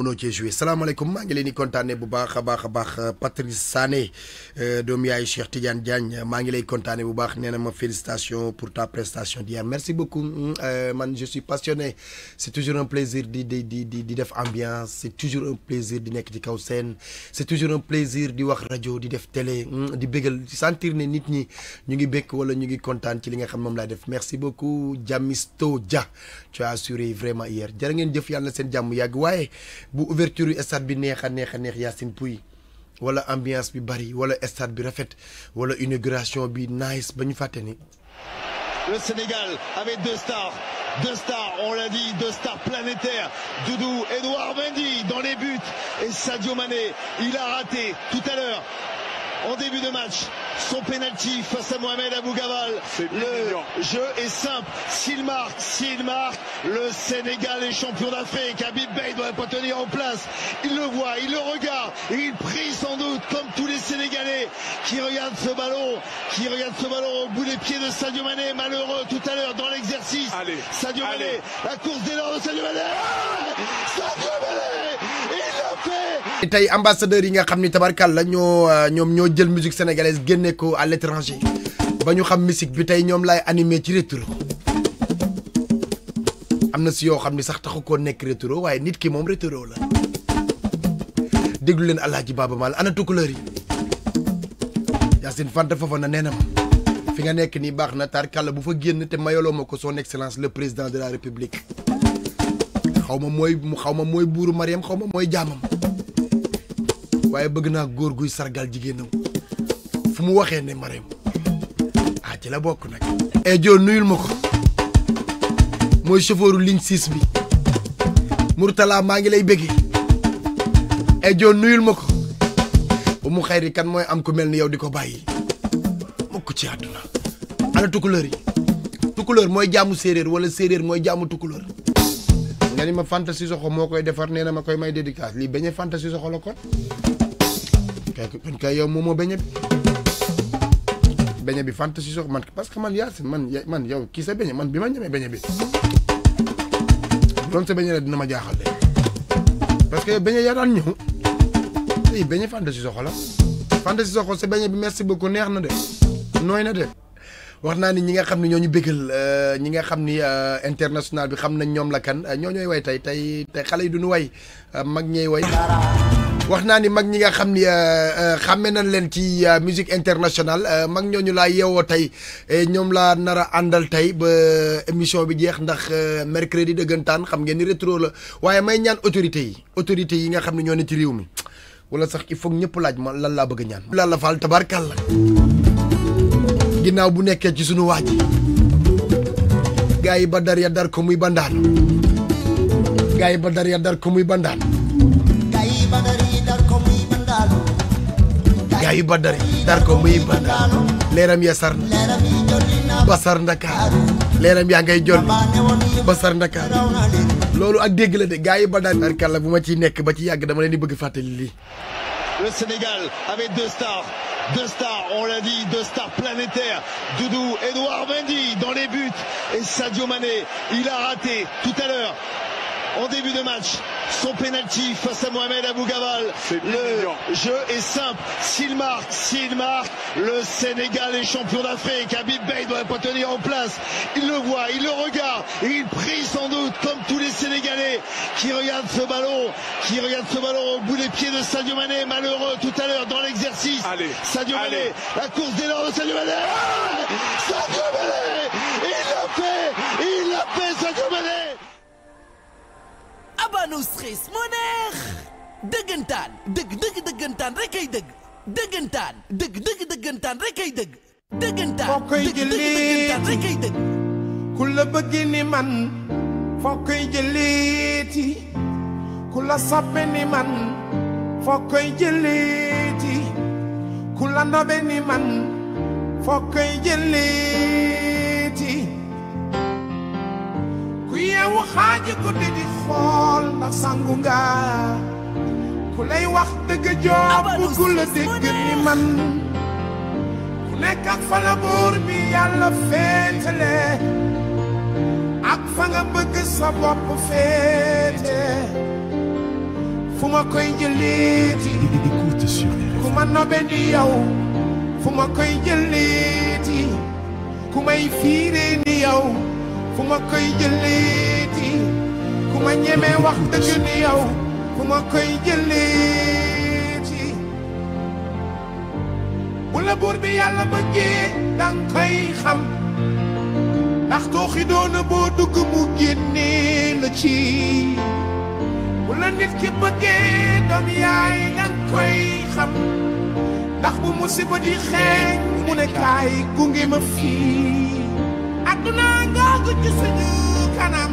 mënoo cee joué salam maa ngi leni di bu baax a baax Patrice Sané euh, doomu yaayu Cheikh Tidiane Diagne maa ngi lay kontaanee bu baax nee ma félicitations pour ta prestation d'hier merci beaucoup mm, euh, man je suis passionné c'est toujours un plaisir di di di di def ambiance c'est toujours un plaisir di nek ci kaw c'est toujours un plaisir di wax radio di def télé mm, di bégal sentir né nit ñi ñu ngi bék wala ñu ngi content ci li nga xam mom laa def merci beaucoup Jamisto Dia tu as assuré vraiment hier jërë ngeen jëf yalla sen seen yag waye bu ouverture est stade bi neex a neex Yassine Pouy wala ambiance bi bari wala stade bi rafet wala inauguration bi nice bañu faté ni le Sénégal avec deux stars deux stars on l'a dit deux stars planétaires Doudou Edouard Mendy dans les buts et Sadio Mané il a raté tout à l'heure en début de match son penalty face à Mohamed Abou Gaval Le jeu est simple. S'il marque, s'il marque, le Sénégal est champion d'Afrique. Habib Bey ne doit pas tenir en place. Il le voit, il le regarde. Et il prie sans doute, comme tous les Sénégalais qui regardent ce ballon, qui regardent ce ballon au bout des pieds de Sadio Mané. Malheureux tout à l'heure dans l'exercice. Sadio Mané, la course d'élan de Sadio Mané. Ah Sadio Mané tey ambassadeur yi nga xam ni tabarkal la ñoo euh, ñoom ñoo jël musique sénégalaise génne ko à l'étranger ba ñu xam musique bi tey ñoom laay animé ci rétro am na si yoo xam ni sax taxu koo nekk rétro waaye nit ki moom rétro la déglu leen ji Baaba Maal ana tukkuleur yi Yacine Fanta Fofana nee na ma fi nga nekk nii baax na tarkalla bu fa génn te mayoloo ma ko son excellence le président de la république xaw ma mooy xaw ma mooy buuru Mariam xaw ma mooy jaamam waaye bëgg naa góor guy sargal jigéenam fu mu waxee ne Marème ah la bokk nag. e eh, joo nuyul ma ko mooy chauffeuru ligne 6 bi Mourtala maa ngi lay bëggee e eh, joo nuyul ma ko bu mu xayri kan mooy am ku mel ni yow di ko bàyyi mukk ci àdduna ana tukkuleur yi tukkuleur mooy jàmm séeréer wala séeréer mooy jaamu tukkuleur nga ni ma fantasi soxo moo koy defar nee na ma koy may dédicace lii bañ a fantasi soxo la ko kay kay yow moom moo beñe bi beñe bi fanta sox man parce que man Yacine man man yow kii sa beñe man bi ma ñemee beñe bi doon sa beñe la dina ma jaaxal de parce que beñe yaa daan ñëw beñe fanta si soxo la fanta si soxo sa beñe bi merci beaucoup neex na de nooy na de wax naa ni ñi nga xam ne ñoo ñu bëggal euh, ñi nga xam ni euh, international bi xam nañ ñoom la kan euh, ñoo ñooy way tey tey xale yi duñu way mag ñey way wax naa ni mag ñi nga xam ni euh, euh, xàmme nañ leen ci euh, musique international mag ñooñu laa yeewoo tey ñoom laa nar a àndal tey ba émission bi jeex ndax mercredi dëggantaan xam ngeen ni rétro la waaye may ñaan autorité yi autorité yi nga xam ne ñoo ne ci mi wala sax il foog ñëpp laaj ma lan laa bëgg ñaan. lan la faal tabarkàlla ginnaaw bu nekkee ci sunu waaj gaa yi ba dar ya dar ko muy bandaan gaa yi ba dar ya dar ko muy bandaan yaayu badari dar ko muy badar leeram ya sar na ba sar ndakaar leeram yaa ngay jolli ba sar ndakaar ak dégg la de gaayu badar tarkalla bu ma ciy nekk ba ci yag dama leen di bëgg fàttali lii le senegal avec deux stars deux stars, on l'a dit, deux stars planétaires. Doudou, Edouard Mendy dans les buts et Sadio Mané, il a raté tout à l'heure en début de match son penalty face à Mohamed Abou Gaval. Le jeu est simple. S'il marque, s'il marque, le Sénégal est champion d'Afrique. Abid Bey ne doit pas tenir en place. Il le voit, il le regarde. Et il prie sans doute, comme tous les Sénégalais qui regardent ce ballon, qui regardent ce ballon au bout des pieds de Sadio Mané. Malheureux tout à l'heure dans l'exercice. Sadio Mané, la course d'élan de Sadio Mané. Ah Sadio Mané, il l'a fait, il l'a fait Sadio Mané. Abanou Stress mu neex dëggantaan dëgg dëgg dëggantaan rek ay dëgg dëggantaan dëgg dëggantaan rek ay dëgg dëggantaan foo koy jëleeti ku la bëgg ni man foo koy jëleeti ku la nobe ni man foo koy jëleeti xool ndax sangu nga ku lay wax dëgg joob ku la dégg ni man ku nekk ak fa la buur bi yàlla féetale ak fa nga bëgg sa bopp féete fu ma koy jëleeti ku ma nobe di yow fu ma koy jëleeti ku may fiire ni yow fu ma koy jëleeti ma ñemee wax dëgg ni yow fu ma koy jëlee ci bu la buur bi yàlla bëggee danga koy xam ndax tooxi doona boo dugg mu génnee la ci bu la nit ki bëggee doom yaay danga koy xam ndax bu musiba di xeeñ mu ne kaay gunge ma fii adduna ngoogu ci suñu kanam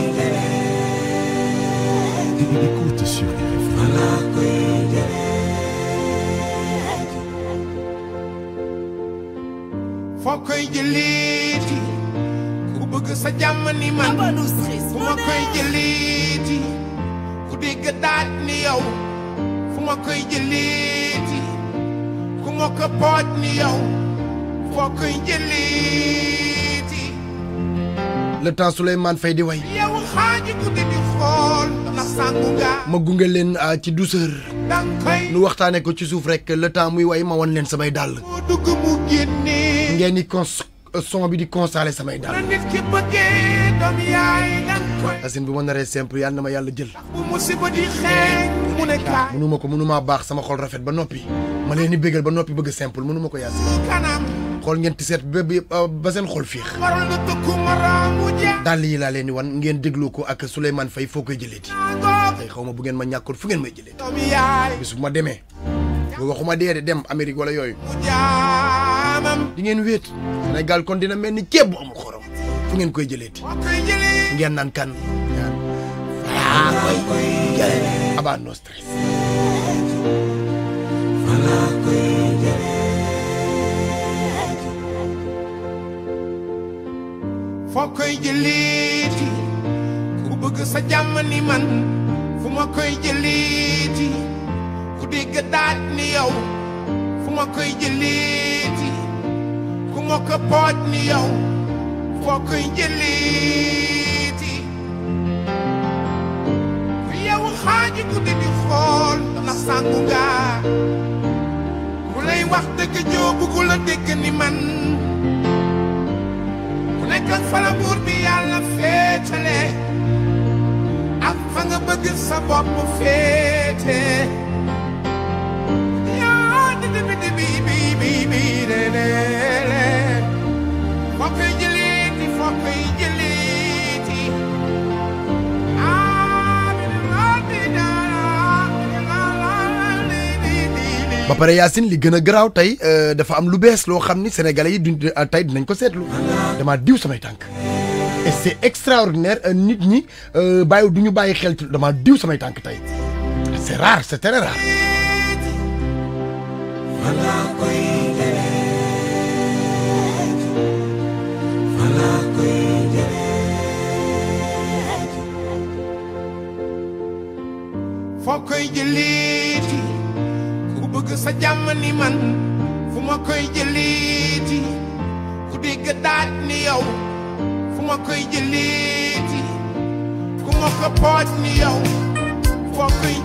moo koy lady, ku bëgg ni man fu ma koy ku dégg daat ni yow fu ma koy ku ma ni yow foo koy le temps Souleymane Faye di way ma gunge leen ah, ci douceur nu waxtaane ko ci suuf rek le temps muy way ma wan leen samay dàll dugg mu génne ngeen di cons son bi di constaté samay dàll asin bu ma naree simple yàlla na ma yàlla jël mënuma ko mënuma baax sama xol rafet ba noppi ma leen di bégal ba noppi bëgg simple mënuma ko yaasin xool ngeen tiset ba ba seen xool fiix dàll yi laa leen di wan ngeen déglu ko ak Souleymane Faye foo koy jëleeti tey xaw ma bu ngeen ma ñàkkoon fu ngeen ma jëleeti bis bu ma demee waxuma dee dem Amérique wala yooyu di ngeen wéet Sénégal kon dina mel ni ceeb bu amul xorom fu ngeen koy jëleeti ngeen naan kan ah koy koy jëlee Abba No Stress foo koy jëleeti ku bëgg sa jàmm ni man fu ma koy jëleeti ku dégg daat ni yow fu ma koy jëleeti ku ma ko pooj ni yow foo koy jëleeti ku yow xaaju guddi di xool na sàngu ngaa ku lay wax dëgg joo bëggul a man nag fa la buur bi yàlla féetale ak fa nga bëgg sa bopp féete yaa di dibi dibi bi bi bi lelele fokk jëliiti fokk jëliiti aa bi laa di ba pare Yacine li gën a garaaw tey euh, dafa am lu bees loo xam ni sénégalais yi duñ euh, tey dinañ ko seetlu damaa diw samay tànk et c'est extraordinaire euh, nit ñi euh, bàyyi du ñu bàyyi xel dama diw samay tànk tey c'est rare c'est très rare. foo koy jëlee ku bëgg sa jàmm ni man fu ma koy jëlee partni yow fu ma koy jëleeti ku ma ko partni yow foo koy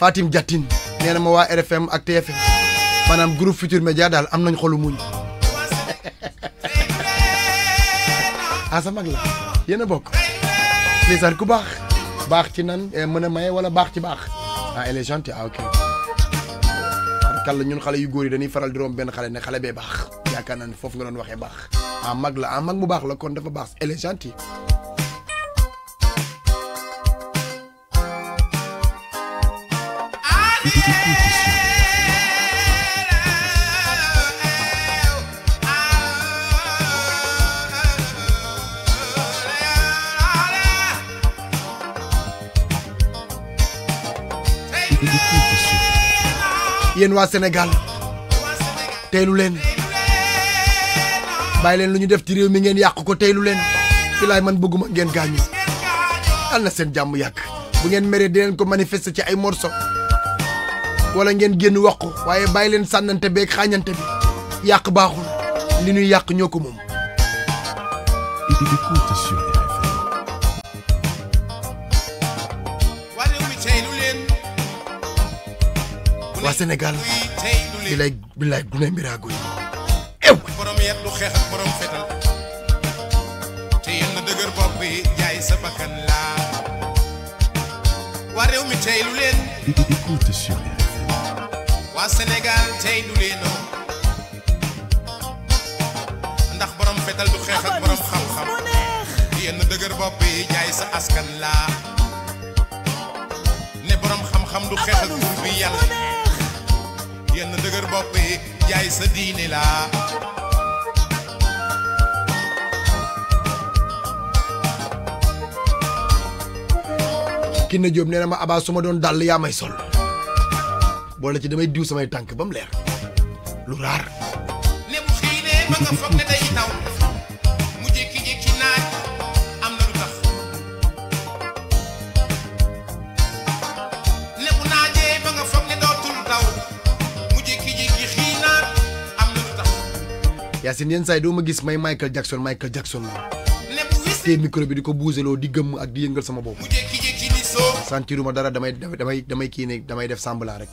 faatim Diatine nee na ma waa RFM ak TFM maanaam groupe Futur Média daal am nañ xolu muñ ah, sa mag la yéen a bokk ndeysaan ku baax baax ci nan eh, mën a maye wala baax ci baax ah elle est gentille ah ok kàlla ñun xale yu góor yi dañuy faral di romb benn xale ne xale bee baax yaakaar naa ne foofu nga doon waxee baax ah mag la ah mag mu baax la kon dafa baax elle est yéen waa Senegal, teylu leen bàyyi leen lu ñu def ci réew mi ngeen yàq ko teylu leen fi man bëgguma ngeen gaañu al seen jàmm bu ngeen di ko manifester ci ay morceau wala ngeen génn wax ko waaye bàyyi leen sànnante beeg xaañante bi yàq baaxul li ñuy yàq ñoo ko moom. waa Sénégal bi lay bi lay gunóor miraago yi ew. Écoute sur Sénégal tey du leeno ndax boroom fetal du xeex ak borom xam-xam yenn dëgër bopp yi jaay sa askan laa ne borom xam-xam du xeex ak buur bi yàlla yenn dëgër bopp jaay sa diine laa su ma doon dàll yaa may sol boole ci damay diw samay tànk ba mu leer lu raar. ne bu xëy ma nga foog ne day taw mu jékki-jékki naaj am am na lu tax. Yacine yenn saa yi gis may Michael Jackson Michael Jackson la. tey micro bi di ko buuseloo di gëmm ak di yëngal sama bopp. sentiruma dara damay damay damay kii ne damay def semblant rek.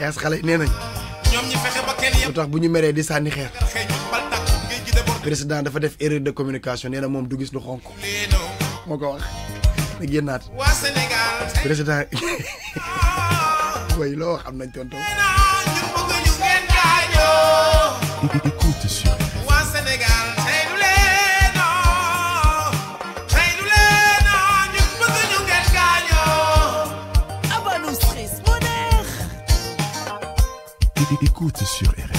yaas xale yi nee nañ lu tax bu ñu meree di sànni xeer président dafa def erreur de communication nee na moom du gis lu xonk moo ko wax na génnaat président way loo xam nañ tonton écoute sur écoute sur RF.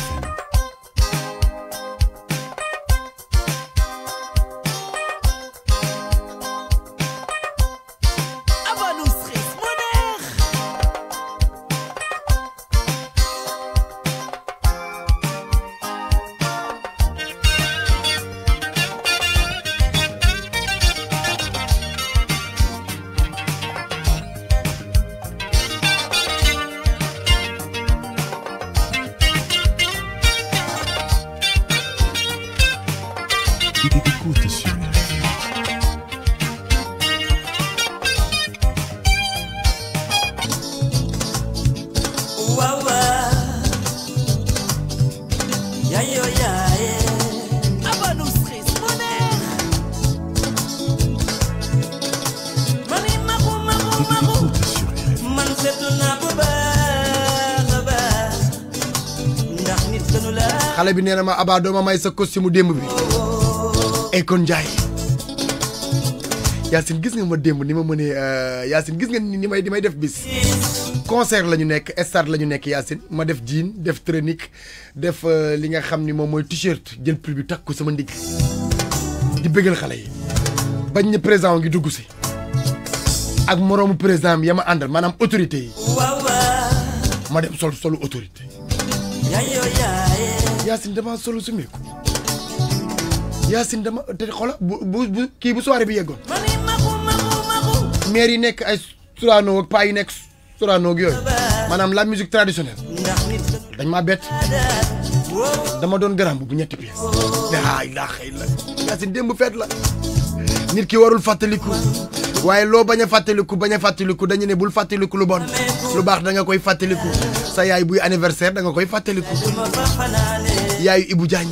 bi neena ma ma do ma may sa costume demb bi kon Ndiaye Yacine gis nga ma demb ni ma euh Yacine gis nga ni may dimay def bis concert lañu nek nekk lañu nek ñu ma def jean def tronique def euh, li nga xamni mom moy t-shirt jël public bi ko sama ndigg di beugal xalé yi bañ ni président ngi duggu ci ak moroomu président yama andal ma autorité yi ma dem sol solu autorité Yacine dama solo su meeku Yacine dama te xoola bu bu kii bu soirée bi yeggoon maire yi nekk ay Sorano paa yi nekk Sorano ak yooyu maanaam la musique traditionnelle dañ ma bett dama doon garam bu ñetti pièces laa ilaaha illa Yacine démb feet la nit ki warul fàttaliku waaye loo bañ a fàttaliku bañ a fàttaliku dañu ne bul fàttaliku lu bon lu baax da koy fàttaliku sa yaay buy anniversaire danga koy fàttaliku yaayu Ibou Diagne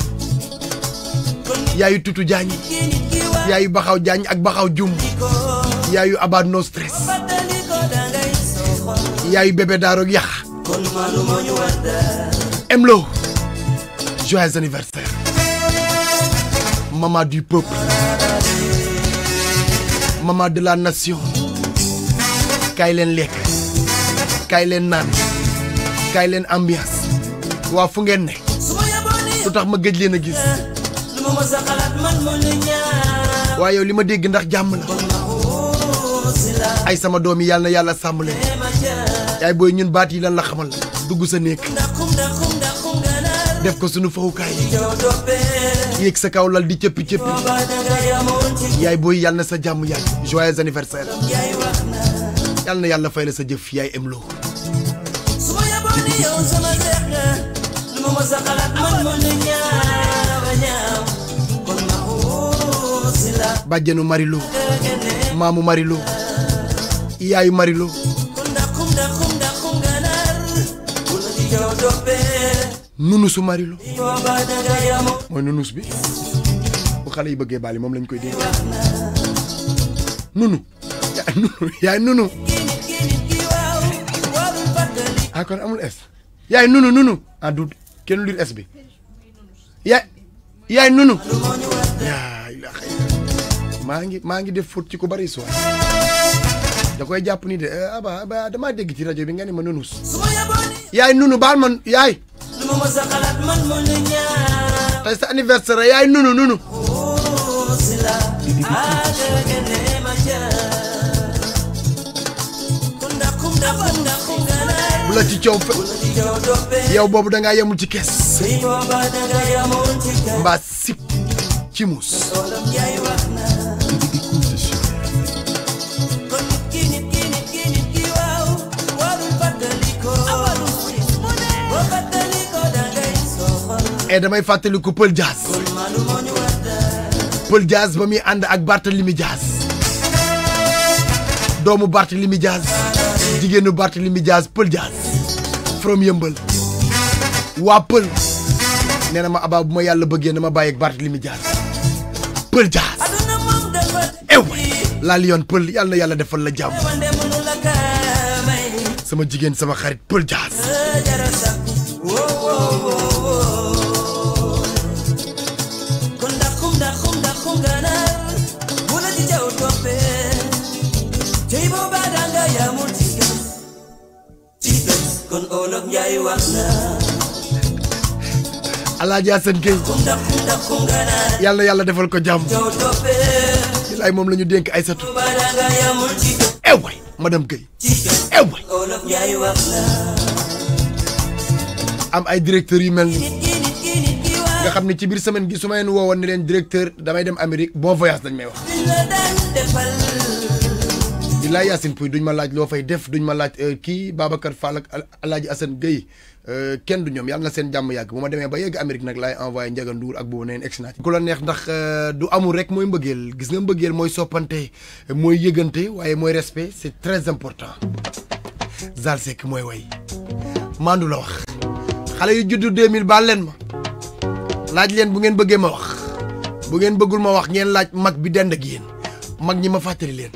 yaayu Tutu Diagne yaayu Baxaw Diagne ak Baxaw Jum yaayu Abad No yaayu bébé daaroog yax Emlo joyeux anniversaire maman du peuple maman de la nation kaay leen lekk kaay leen naan kaay leen ambiance waa fu ngeen ne lu tax ma gëj leen a gis li ma dégg ndax jàmm la ay sama doomi yi yàlla na yàlla sàmm leen yaay booy ñun baat yi lan la xamal dugg sa néeg def ko sunu fawukaay yéeg sa kaw lal di cëppi cëppi yaay booy yàlla na sa jàmm yaay joyeux anniversaire yàlla na yàlla fay la sa jëf yaay Emlo mo Marilu Mamu Marilu iyayu Marilu nunusu marilu mooy nunus bi bu xale yi bëggee bàlli moom lañ koy dégg nunu yaay nunu ya nunu Aku, ah, kon amul es yaay nunu nunu adud ah, kenu lire sb Ya ya nunu ya ila khay mangi mangi def faute ci ko bari so da koy japp ni de eh, aba aba dama deg ci radio bi ngani ma nunu ya nunu bal man ya tey sa anniversaire ya nunu nunu la yow boobu da ngaa ci kees e damay fàttaliku Pël Diaz Pël Diaz ba muy ànd ak Barthélemy Diaz doomu Barthélemy Diaz jigéenu Barthélemy Diaz Pël Diaz from yëmbal waa pël nee ma abaa bu ma yàlla bëggee na ma bàyyi ak Barthélémy Dias pël Dias ew eh laa liyoon pël yàlla na yàlla defal la jàmm sama jigéen sama xarit pël Dias keroog Ndiaye wax na. Alaaji Asan Géy yàlla yàlla defal ko jàmm. bilaay moom lañu ñu ay satu. eh waay madame Géy eh waay. am ay directeurs yu mel ni nga xam ne ci biir semaine gi su ma leen woowoon ne leen directeur damay dem Amérique bon voyage dañ may wax. bilaay Yacine Pouy duñ ma laaj lo fay def duñ ma laaj euh, ki Babacar Fall ak Alaaji Assane Gueye euh, kenn du ñoom yalla sen jamm yag buma deme ba yegg Amérique nak lay envoyé Ndiaga ak boobu neen egsi ko la neex ndax euh, du amul rek moy mbëggeel gis nga mbëggeel moy soppante moy yëgante waye moy respect c'est très important Zalsek moy way maandu la wax xalé yu juddu 2000 baal leen ma laaj len bu ngeen beugé ma wax bu ngeen bëggul ma wax ngeen laaj mag bi dend ak yéen mag ñi ma fàttali leen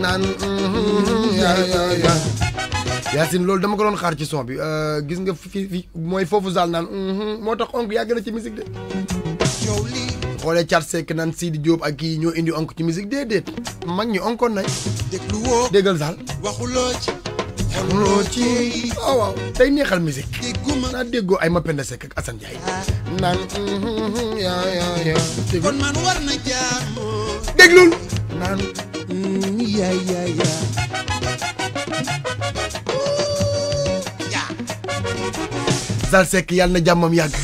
naan mm-hmm, yaa yaa loolu dama ko doon xaar ci son bi euh, gis nga fi fi mooy foofu zaal naan mm-hmm, moo tax onk yàgg na ci musique de xoolee Thiat Seck naan Sidi Diop ak kii ñoo indi onk ci musique déedéet mag ñi onkoon nañ déggal zaal waxuloo ci xamuloo oh, ci waaw waaw tey neexal déggoo ay Mapenda Seck ak Assane Ndiaye naan mm-hmm, Mm, yeah, yàlla na jàmmam yàgg.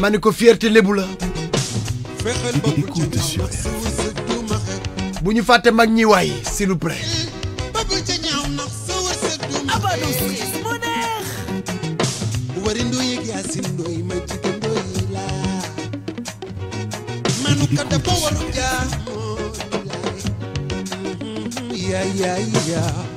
ma ne ko fierté lébu la. bu ñu fàtte mag ñi waay s'il vous plaît. Got the boom. yeah, yeah.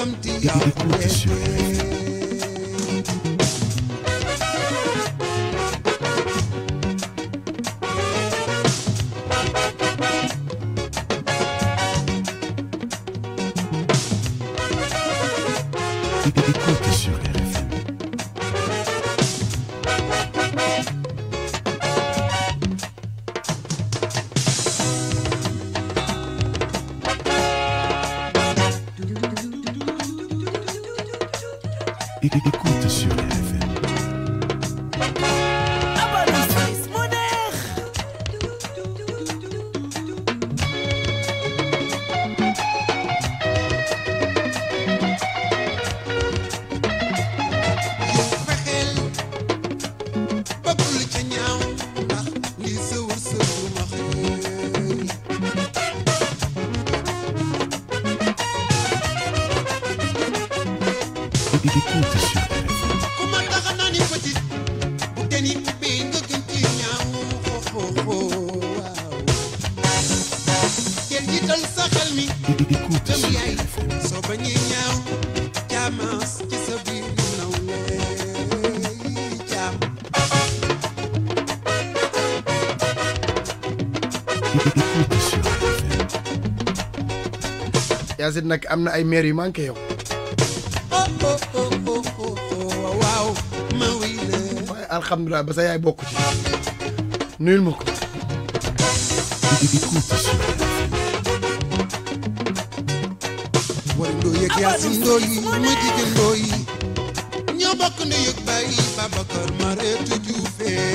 come to your ياسر نك امنا اي ميري مانك يو الحمد لله بس هي بوكو نيل مكو Nyobok ni yuk bayi babakar mare tujufe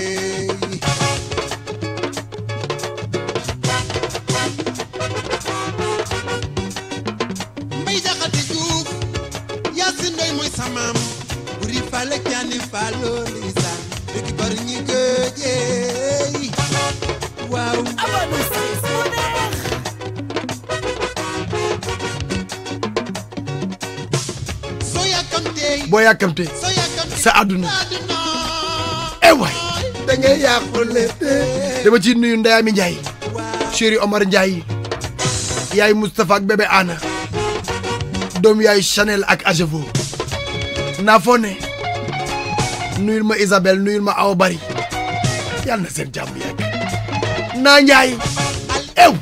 boo yàkkamtee sa àdduna eh waay da ngay dama ci nuyu Ndeyami Ndiaye chéri Omar Ndiaye yaay Moustapha ak bébé Anna doom yaay Chanel ak Ajevo naa foo ne ma Isabelle nuyul ma Awa Bari yàlla na seen jàmm yàgg naa Ndiaye eh ew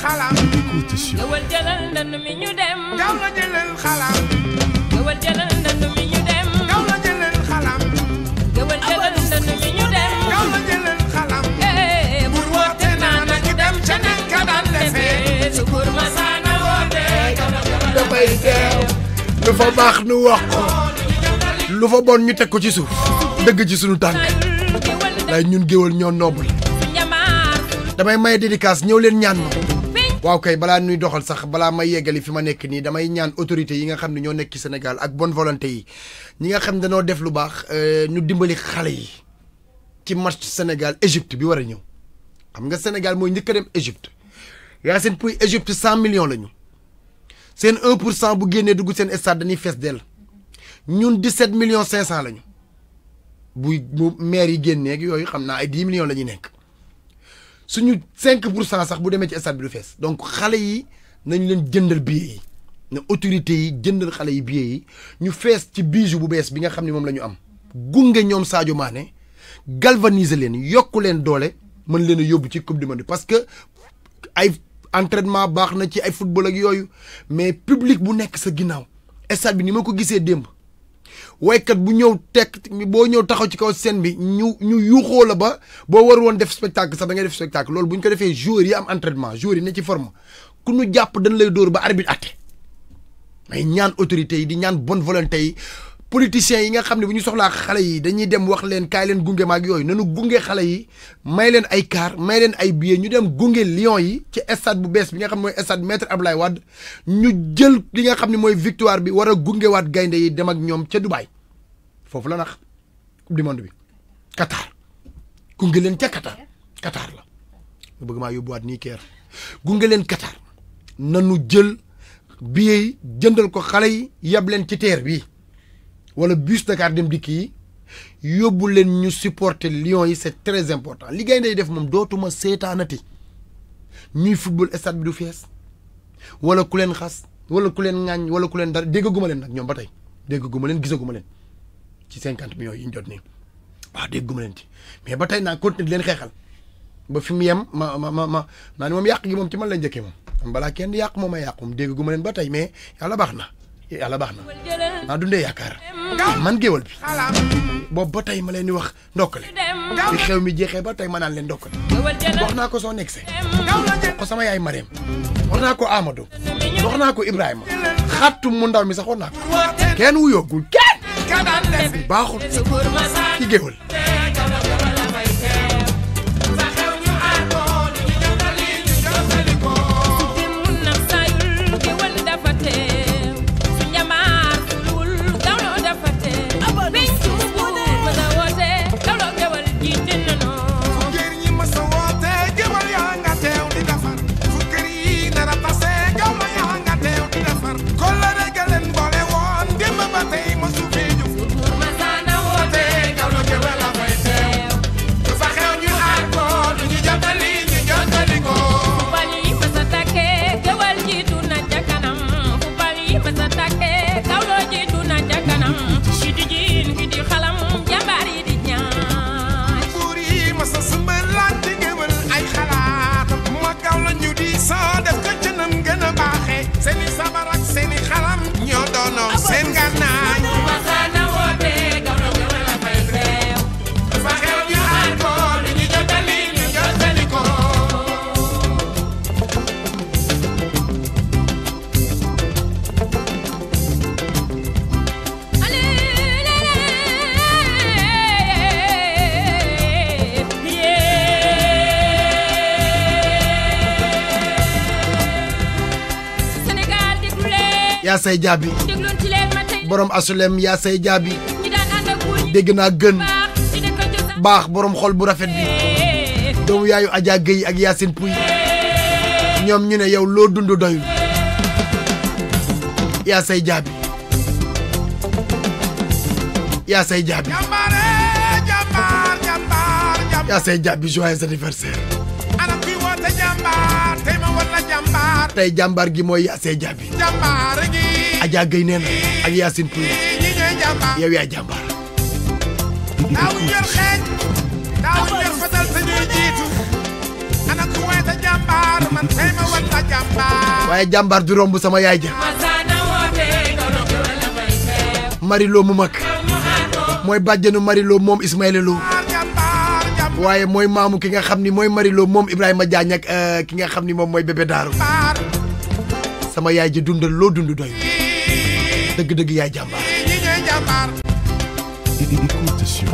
xalam. écoute sur. la jëlal ñu eh, bu woote naa na dem ca nañ ka daan defee. buur ma saana dafay teew. lu fa baax nu wax lu fa bon ñu teg ko ci suuf. dëgg ci sunu tànk. lay ñun géwal ñoo noble damay may dédicace ñëw leen ñaan waaw kay balaa nuy doxal sax balaa may yeggali fi ma nekk nii damay ñaan autorités yi nga xam ne ñoo nekk ci ak bonne volonté yi ñi nga xam ne dañoo def lu baax euh, ñu dimbali xale yi ci match Sénégal Égypte bi war a ñëw xam nga Sénégal mooy njëkk a dem Égypte yaa seen puy Égypte cent millions la ñu seen un pour cent bu génnee dugg seen stade dañuy fees dell ñun dix-sept millions cinq cent la ñu buy bu maire yi génnee yooyu xam naa ay dix millions la ñuy nekk suñu 5 pour cent sax bu demee ci stade bi du fees donc xale yi nañ leen jëndal billets yi ne autorités yi jëndal xale yi billets yi ñu fees ci bijou bu bees bi nga xam ne moom la ñu am gunge ñoom Sadio Mané galvaniser leen yokku leen doole mën leen yóbbu ci coupe du monde parce que ay entraînement baax na ci ay football ak yooyu mais public bu nekk sa ginnaaw stade bi ni ma ko gisee démb. waykat bu ñëw tekk boo ñëw taxaw ci kaw scène bi ñu ñu yuuxoo la ba boo war woon def spectacle sa ba nga def spectacle loolu bu ñu ko defee joueurs yi am entraînement joueurs yi ne ci forme ku ñu jàpp dañ lay dóor ba arbitre àtte may ñaan autorités yi di ñaan bonne volonté yi politiciens yi nga xam ne bu ñu soxlaa xale yi dañuy dem wax leen kaay leen gunge maag yooyu nanu gunge xale yi may leen ay car may leen ay billets ñu dem gunge lion yi ci stade bu bees bi nga xam ne mooy stade maître Abdoulaye Wade ñu jël li nga xam ne mooy victoire bi war a gungewaat gaynde yi dem ak ñoom ca Dubaï foofu la nax coupe bi Qatar gunge leen ca Qatar Qatar la mu bëgg maa nii keer gunge leen Qatar nanu jël billets jëndal ko xale yi yab leen ci teer bi wala bus Dakar dem dikk yi yóbbu leen ñu supporter lion yi c'est très important li gaynde yi def moom dootuma seetaanati ñuy football stade bi du fees wala ku leen xas wala ku leen ŋaañ wala ku leen dara déggaguma leen nag ñoom ba tey déggaguma leen gisaguma leen ci cinquante millions yi ñu jot nii waaw dégguma leen ci mais ba tey naa continuer di leen xeexal ba fi mu yem ma ma ma ma naan ne moom yàq gi moom ci mal la njëkkee moom balaa kenn yàq moom a yàq moom déggaguma leen ba tey mais yàlla baax na yàlla baax na naa dundee man géwal bi boobu ba tey ma leen di wax ndokkale bi xew mi jeexee ba tey ma naan leen ndokkale wax naa ko soo nekk se ko sama yaay Mariam wax naa ko Amadou wax naa ko Ibrahima xattu mu ndaw mi sax wax naa ko kenn wuyoogul kenn baaxul ci géwal yaa say jaabi borom asulem yaa say jaabi dégg naa gën baax borom xol bu rafet bi doomu yaayu Adja Gueye ak Yacine Pouy ñoom ñu ne yow loo dund doyul yaa say jaabi yaa jaabi yaa say tey jàmbaar gi mooy yaa jaabi Aja Gueye nee na ak Yacine Pouy yow yaa jambar daawuñ fatal sa ñuy ana ku way man ma du sama yaay ja mariloo mu mag mooy bàjjenu mariloo moom Ismaïla Lo waaye mooy ki nga xamni moy marilo mom moom Ibrahima Diagne euh ki nga xamni mom moy bébé daru sama yaay ji dundal lo dund doy dëgg-dëgg yaay jàmbaar. ñi ñooy jàmbaar.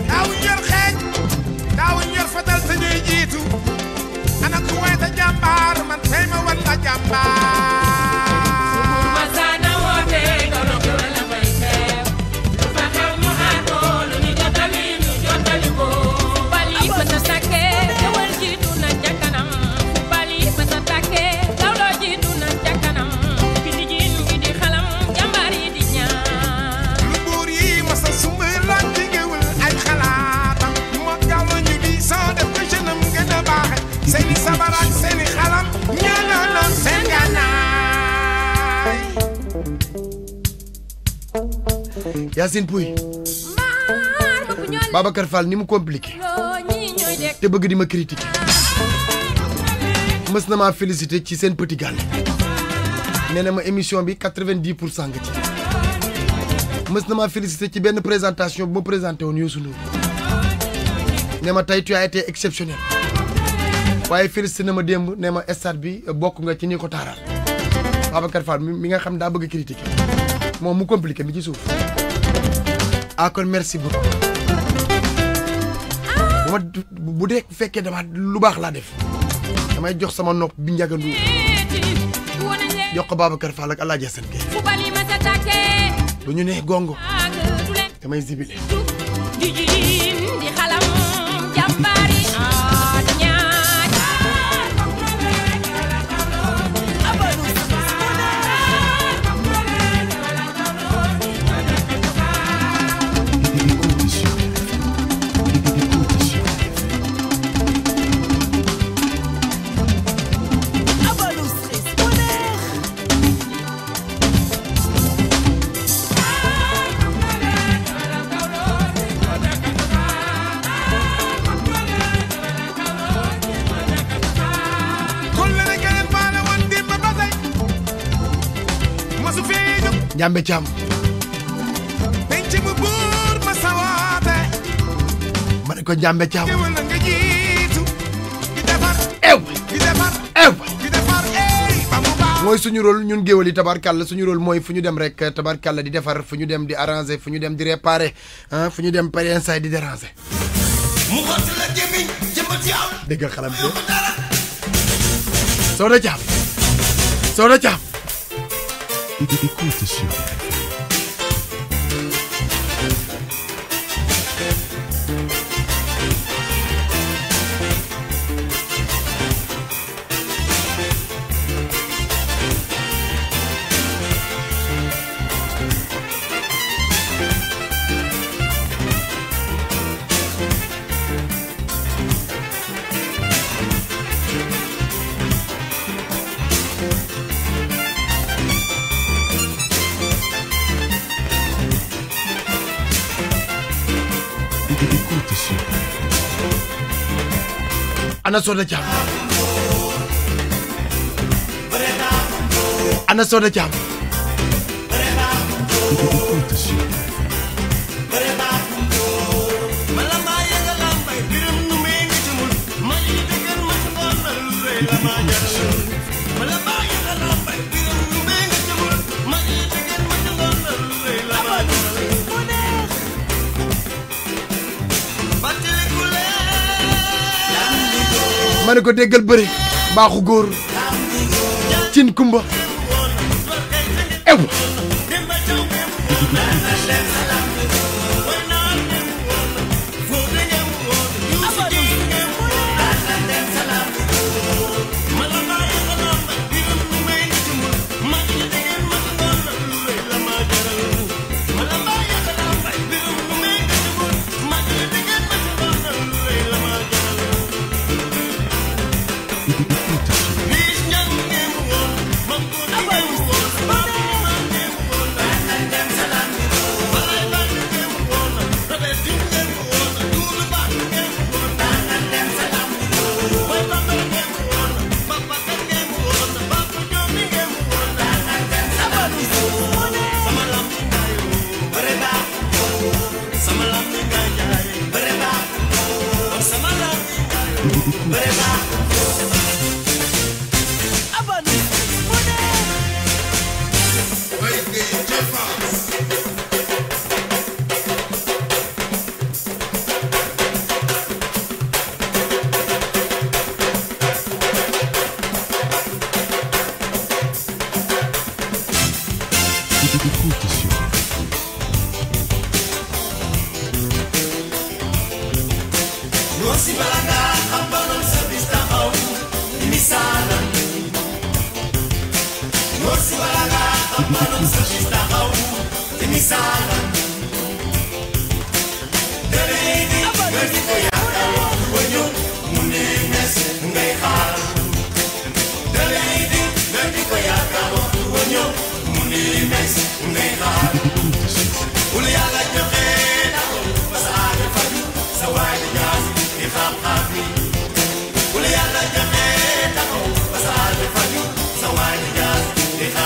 daawuñ yor xeej daawuñ yor fatal te ñooy jiitu ana ku way ta jàmbaar man tey ma wan la jàmbaar. Yacine Pouy Babacar Fall ni mu compliqué te bëgg di ma critiquer mës na maa félicité ci seen petit gàll nee ma émission bi quatre vingt pour cent nga ci mës na maa félicité ci benn présentation bu ma présenté woon Youssou Ndour ne ma tey tu été exceptionnel waaye félicité na ma démb ne ma stade bi bokk nga ci ñi ko taaral Babacar Fall mi nga xam daa bëgg critiquer moom mu compliqué mi ci suuf ah kon merci bu ah. ma bu dee fekkee dama lu baax laa def damay jox sama nopp bi njagandu eh, jox ko Babacar Fall ak Alaaji Asan Kay lu ñu ne gongo ah, damay zibile Njambe Thiam penc mu buur ma sawaate ma ne ko Njambe Thiam mooy suñu rôle ñun géwal yi tabarkàlla suñu rôle mooy fu ñu dem rek tabarkàlla di defar fu ñu dem di arranger fu ñu dem di réparer ah fu ñu dem pariensay di déranger mu xott la gémmiñ jëmbat yaam déggal xalam bi Soda Thiam Soda Thiam écoute, chérie. ana Soda Thiam ana Soda Thiam ma ne ko déggal bëri baaxu góor cin kumba ew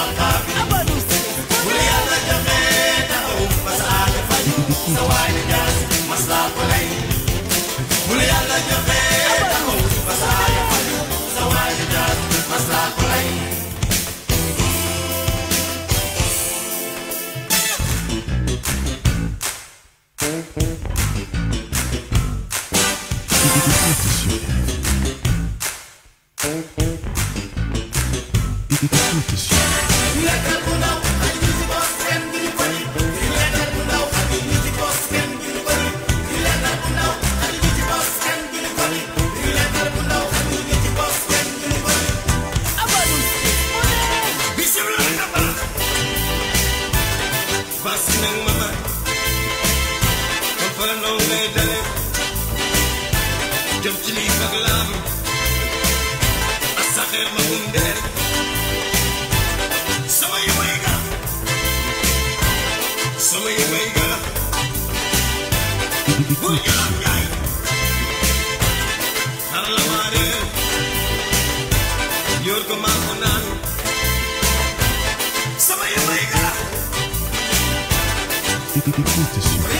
shall come. It's it,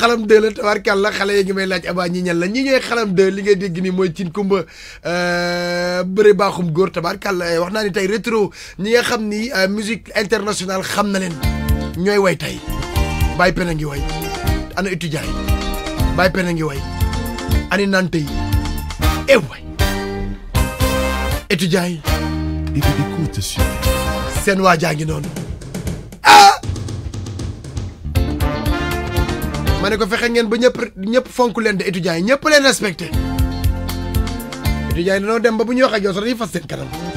xalam 2 la tabarkàlla xale yi may laaj abaa ñi ñan la ñi ñooy xalam 2 li ngay dégg ni mooy cin kumba euh, bëre baaxum góor tabarkàlla eh, wax naa ni tey rétro ñi nga xam ni euh, musique international xam na leen ñooy way tey Baye Pena ngi way ana étudiant yi Baye Pena ngi way ani nante yi ew way étudiant yi seen waajaa ngi noonu ma ne ko fexe ngeen ba ñëpp ñëpp fonk leen de étudiants yi ñëpp leen respecté étudiants yi dañoo dem ba bu ñuy wax ak yow sax dañuy fas seen kanam.